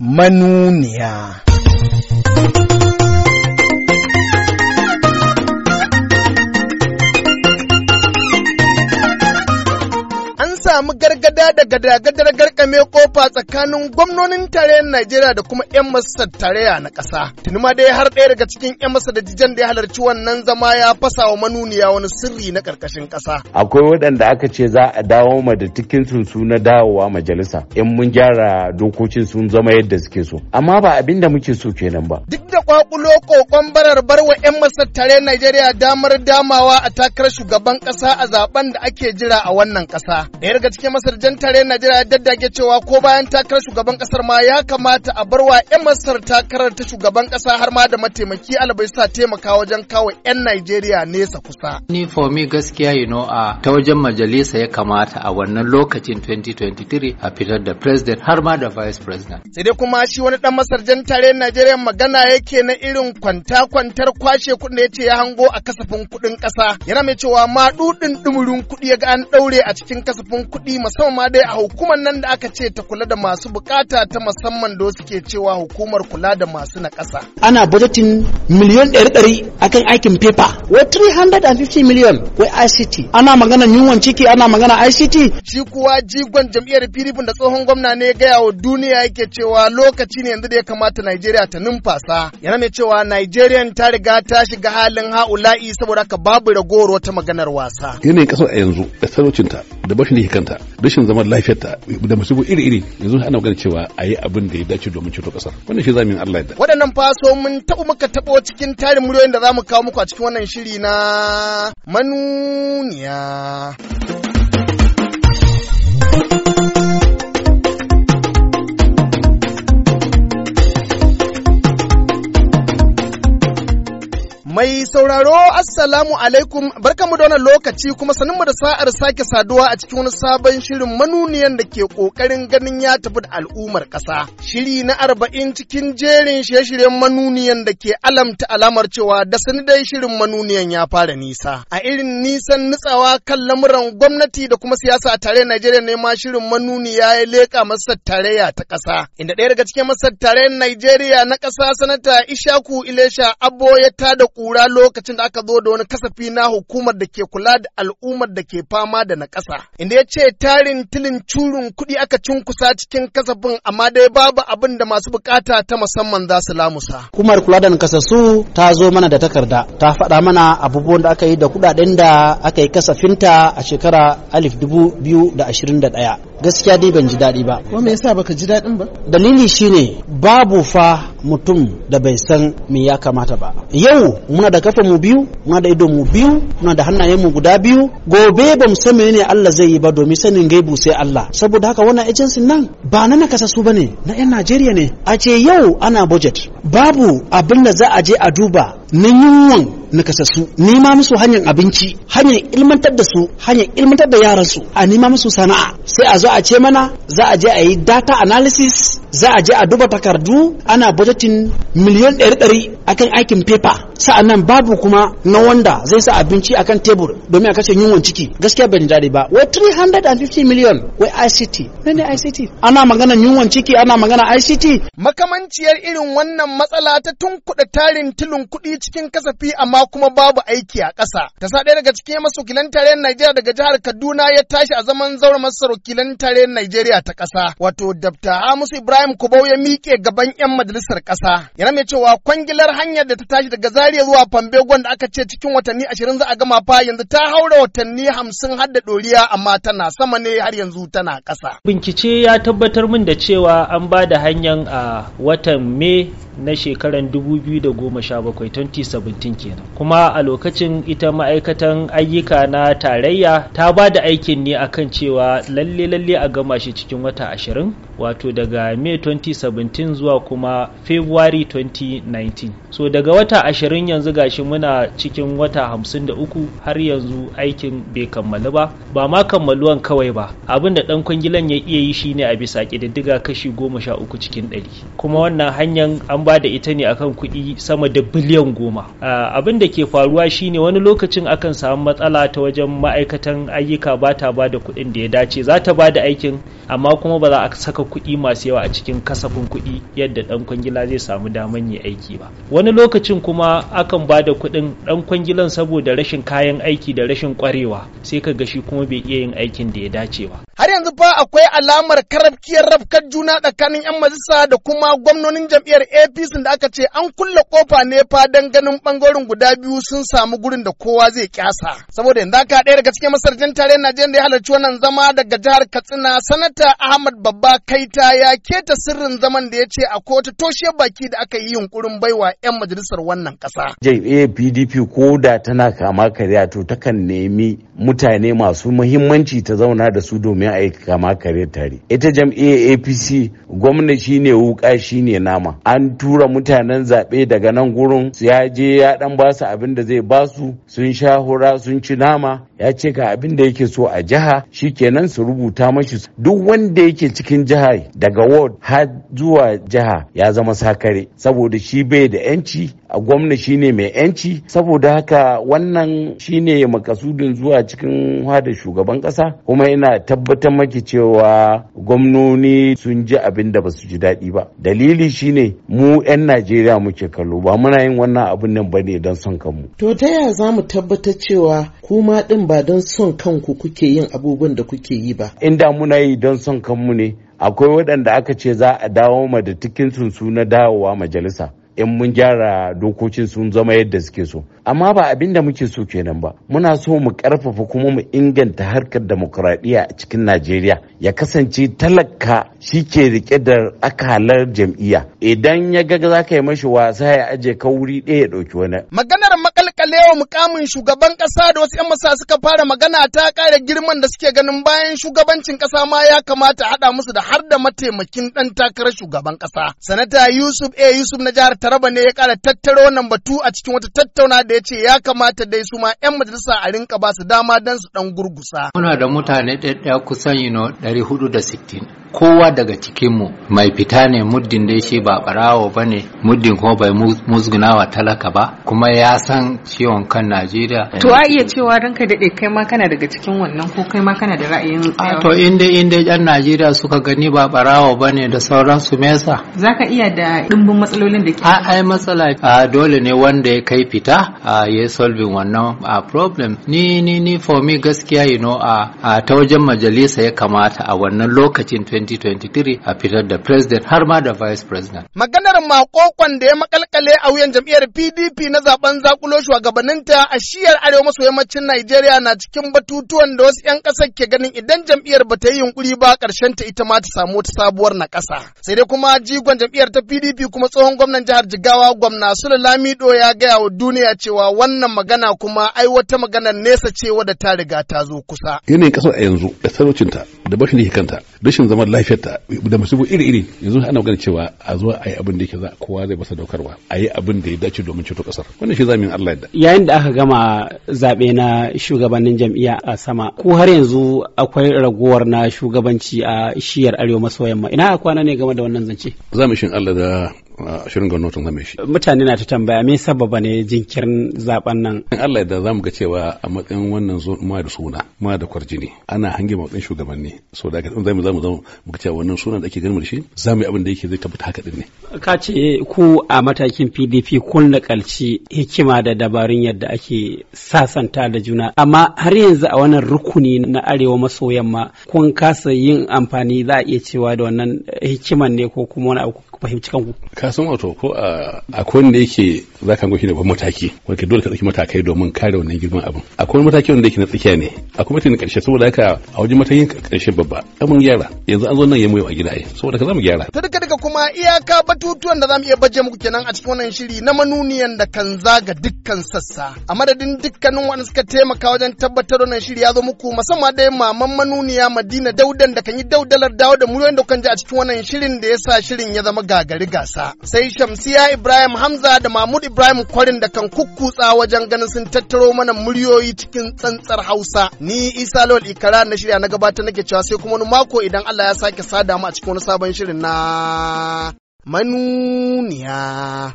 manuniya. samu gargada daga gadagadar garkame kofa tsakanin gwamnonin tarayyar Najeriya da kuma 'yan masar tarayya na ƙasa. Tuni ma dai har ɗaya daga cikin 'yan masar da jijan da ya halarci wannan zama ya fasa wa manuniya wani sirri na ƙarƙashin ƙasa. Akwai waɗanda aka ce za a dawo ma da tikin su na dawowa majalisa in mun gyara dokokin sun zama yadda suke so. Amma ba abin da muke so kenan ba. Duk da kwakulo kokon barar barwa 'yan masar tarayyar Najeriya damar damawa a takarar shugaban ƙasa a zaben da ake jira a wannan ƙasa. daga cikin masar jan tare najeriya ya daddage cewa ko bayan takarar shugaban kasar ma ya kamata a barwa 'yan masar takarar ta shugaban kasa har ma da mataimaki ta taimaka wajen kawo 'yan najeriya nesa kusa ni for me gaskiya you know a ta wajen majalisa ya kamata a wannan lokacin 2023 a fitar da president har ma da vice president sai dai kuma shi wani dan masar jan tare najeriya magana yake na irin kwanta kwantar kwashe kuɗin da ya ce ya hango a kasafin kuɗin kasa yana mai cewa ma dudin dumurin kuɗi ya ga an ɗaure a cikin kasafin kuɗi musamman ma dai a hukumar nan da aka ce ta kula da masu bukata ta musamman da suke cewa hukumar kula da masu na ƙasa. Ana budgetin miliyon ɗari ɗari akan aikin pepa. Wai 350 miliyon wai ICT. Ana magana yunwan ciki ana magana ICT. Shi kuwa jigon jam'iyyar PDP da tsohon gwamna ne gaya wa duniya yake cewa lokaci ne yanzu da ya kamata Najeriya ta numfasa. Yana ne cewa Najeriya ta riga ta shiga halin ha'ula'i saboda ka babu ragowar wata maganar wasa. Yanayin ƙasar a yanzu da talocinta da bashin da ke kanta rashin zaman lafiyarta da musu iri-iri yanzu ana magana cewa a yi abin da ya dace domin ceto kasar wannan shi zamin Allah da waɗannan faso mun taɓa muka taɓo cikin tarin muryoyin da za mu kawo muku a cikin wannan shiri na manuniya. Mai sauraro Assalamu alaikum barkamu da wannan lokaci kuma sanin da sa'ar sake saduwa a cikin wani sabon shirin manuniyan da ke kokarin ganin ya tafi da al'ummar kasa Shiri na arba'in cikin jerin shirye-shiryen manuniyan da ke alamta alamar cewa da sani dai shirin manuniyan ya fara nisa. A irin nisan nutsawa kan lamuran gwamnati da kuma siyasa a tare Najeriya ne ma shirin manuniya ya leƙa masar tarayya ta kasa Inda ɗaya daga cikin masar tarayyar Najeriya na kasa sanata Ishaku Ilesha Abbo ya tada kura lokacin da aka zo da wani kasafi na hukumar da ke kula da al'ummar da ke fama da na ƙasa. Inda ya ce tarin tilin curin kuɗi aka cunkusa cikin kasafin amma dai babu abin da masu bukata ta musamman za su lamusa. Hukumar kula da nakasassu ta zo mana da takarda ta faɗa mana abubuwan da aka yi da kuɗaɗen da aka yi kasafinta a shekara alif dubu biyu da ashirin da ɗaya. gaskiya dai ban ji daɗi ba ko me yasa baka ji daɗin ba dalili shine babu fa mutum da bai san me ya kamata ba yau muna da kafa mu biyu muna da ido mu biyu muna da hannayen mu guda biyu gobe ba mu san menene Allah zai yi ba domin sanin gaibu sai Allah saboda haka wannan agency nan ba na nakasa su bane na yan Najeriya ne a ce yau ana budget babu abin da za a je a duba na yunwan nakasassu nema musu hanyar abinci hanyar ilmantar da su hanyar ilmantar da yaran su a nema musu sana'a sai a zo a ce mana za a je a yi data analysis za a je a duba takardu ana budgeting miliyan ɗari ɗari akan aikin fefa sa'an nan babu kuma na wanda zai sa abinci akan tebur domin a kashe yunwan ciki gaskiya ban daɗi ba wai 350 miliyon wai ICT ne ICT ana magana yunwan ciki ana magana ICT makamanciyar irin wannan matsala ta tunkuɗa tarin tilin kuɗi cikin kasafi amma kuma babu aiki a ƙasa ta sa ɗaya daga cikin masukilan tarayyar Najeriya daga jihar Kaduna ya tashi a zaman zaura masar wakilan tarayyar Najeriya ta ƙasa wato Dr. Hamisu Ibrahim Kubau ya miƙe gaban 'yan majalisar ƙasa yana mai cewa kwangilar hanyar da ta tashi daga zariya zuwa Fambegon da aka ce cikin watanni ashirin za a gama fa yanzu ta haura watanni hamsin har da ɗoriya amma tana sama ne har yanzu tana ƙasa. Bincike ya tabbatar min da cewa an ba da hanyar a watan Mai na shekarar 2017 2017 kenan kuma a lokacin ita ma'aikatan ayyuka na tarayya ta ba da aikin ne akan cewa lalle lalle a gama shi cikin wata ashirin wato daga May 2017 zuwa kuma February 2019 so daga wata ashirin yanzu gashi muna cikin wata hamsin da uku har yanzu aikin bai kammalu ba ba ma kammaluwan kawai ba abin da ɗan kwangilan ya iya yi shine a bisa ƙididdiga kashi goma sha uku cikin ɗari kuma wannan hanyar an ba da ita ne akan kuɗi sama da biliyan goma abin da ke faruwa shine wani lokacin akan samu matsala ta wajen ma'aikatan ayyuka ba ta ba da kuɗin da ya dace za ta ba da aikin amma kuma ba za a saka kuɗi masu yawa a cikin kasafin kuɗi yadda ɗan kwangila zai samu daman yi aiki ba wani lokacin kuma akan ba da kuɗin ɗan kwangilan saboda rashin kayan aiki da rashin ƙwarewa sai ka gashi kuma bai iya yin aikin da ya dace ba har yanzu fa akwai alamar karabkiyar rafkar juna tsakanin 'yan majalisa da kuma gwamnonin jam'iyyar apc da aka ce an kulle kofa ne fa don ganin bangaren guda biyu sun samu gurin da kowa zai kyasa saboda yanzu aka ɗaya daga cikin masarjin na najeriya da ya halarci wannan zama daga jihar katsina sanata ahmad babba kaita ya keta sirrin zaman da ya ce a kotu toshe baki da aka yi yunkurin baiwa 'yan majalisar wannan ƙasa. JPDP pdp ko da tana kama karya to takan nemi mutane masu muhimmanci ta zauna da su domin yin aiki kama kare tare ita jam'iyyar apc gwamna ne wuka shi ne nama an tura mutanen zaɓe daga nan gurin ya je ya dan ba su abin da zai basu su sun sha hura sun ci nama ya ce ka abin da yake so a jiha shi shikenan su rubuta mashi duk wanda yake cikin jiha daga ward har zuwa jiha ya zama sakare saboda shi bai da yanci A gwamna shine mai yanci saboda haka wannan shine makasudin zuwa cikin hada shugaban kasa kuma ina tabbatar maki cewa gwamnoni sun ji abin da ba su ji daɗi ba dalili shine mu 'yan najeriya muke kallo ba muna yin wannan abin nan bane don son kanmu to ta yaya za mu tabbatar cewa kuma din ba don son kanku kuke yin abubuwan da kuke yi ba inda muna yi don son kanmu ne akwai waɗanda aka ce za a dawo ma da tikinsu su na dawowa majalisa in mun gyara dokokin sun zama yadda suke so amma ba abin da muke so kenan ba muna so mu karfafa kuma mu inganta harkar demokradiyya a cikin najeriya ya kasance talaka shi ke rike da akalar jam'iyya idan ya ga za ka yi mashi wasa ya aje ka wuri ɗaya ya ɗauki wani. maganar makalkalewa mukamin shugaban ƙasa da wasu 'yan masa suka fara magana ta ƙara girman da suke ganin bayan shugabancin ƙasa ma ya kamata haɗa musu da har da mataimakin ɗan takarar shugaban ƙasa sanata yusuf a yusuf na jihar taraba ne ya ƙara tattaro wannan batu a cikin wata tattauna da ya ce ya kamata dai su ma 'yan majalisa a rinka ba su dama don su ɗan gurgusa. muna da mutane ɗaya kusan yino 460 kowa daga cikinmu mai fita ne muddin dai shi ba barawo ba ne muddin kuma bai musgunawa talaka ba kuma ya san ciwon kan najeriya to a iya cewa ranka daɗe kai ma kana daga cikin wannan ko kai ma kana da ra'ayin to inda inda yan najeriya suka gani ba barawo ba ne da sauransu me yasa zaka iya da dimbin matsalolin da ke a ai matsala a dole ne wanda ya kai fita a ya solving wannan a problem ni ni ni for me gaskiya you know a ta wajen majalisa ya kamata a wannan lokacin 2023 a fitar da president har ma da vice president. Maganar makokon da ya makalkale a wuyan jam'iyyar PDP na zaben zakulo shugabanninta a shiyar arewa maso yammacin Najeriya na cikin batutuwan da wasu 'yan ƙasar ke ganin idan jam'iyyar ba ta yi yunkuri ba ƙarshen ta ita ma ta samu wata sabuwar na ƙasa. Sai dai kuma jigon jam'iyyar ta PDP kuma tsohon gwamnan jihar Jigawa gwamna Sule Lamido ya gaya wa duniya cewa wannan magana kuma ai wata maganar nesa cewa da ta riga ta zo kusa. Yanayin ƙasar a yanzu da talaucinta da bashin da ke kanta rashin zaman lafiyarta da musibu iri-iri yanzu ana magana cewa a zo a yi abin da yake za kowa zai basa daukarwa a yi abin da ya dace domin ceto kasar wannan shi zamin Allah yadda. yayin da aka gama zabe na shugabannin jam'iyya a sama ko har yanzu akwai ragowar na shugabanci a shiyar arewa maso yamma ina a kwana ne game da wannan zance zamu shin Allah da ashirin ga notin zama shi. Mutane na ta tambaya me sababa ne jinkirin zaben nan. In Allah da za mu ga cewa a matsayin wannan zo ma da suna ma da kwarjini ana hange matsayin shugabanni so da kan zamu zamu zamu mu ga cewa wannan sunan da ake ganin shi za mu yi abin da yake zai tabbata haka din ne. Ka ce ku a matakin PDP kun nakalci hikima da dabarun yadda ake sasanta da juna amma har yanzu a wannan rukuni na arewa maso yamma kun kasa yin amfani za a iya cewa da wannan hikiman ne ko kuma wani abu fahimci kanku ka san wato ko a kowane da yake ka goshi da mataki wanda dole ka dauki matakai domin kare wannan girman abin kowane mataki wanda yake na tsakiya ne a kuma matakin karshe saboda haka a wajen matakin karshe babba mun gyara yanzu an zo nan yamu a gida saboda ka mu gyara ta duka duka kuma iyaka batutuwan da za mu iya baje muku kenan a cikin wannan shiri na manuniyan da kan zaga dukkan sassa a madadin dukkanin wanda suka taimaka wajen tabbatar wannan shiri ya zo muku musamman dai maman manuniya Madina Daudan da kan yi daudalar dawo da muryoyin da kan ji a cikin wannan shirin da sa shirin ya zama gagari gasa sai shamsiya ibrahim hamza da mahmud ibrahim kwarin da kan kukkutsa wajen ganin sun tattaro mana muryoyi cikin tsantsar hausa ni isa lawal ikara na shirya na gabata nake cewa sai kuma wani mako idan allah ya sake sada mu a cikin wani sabon shirin na manuniya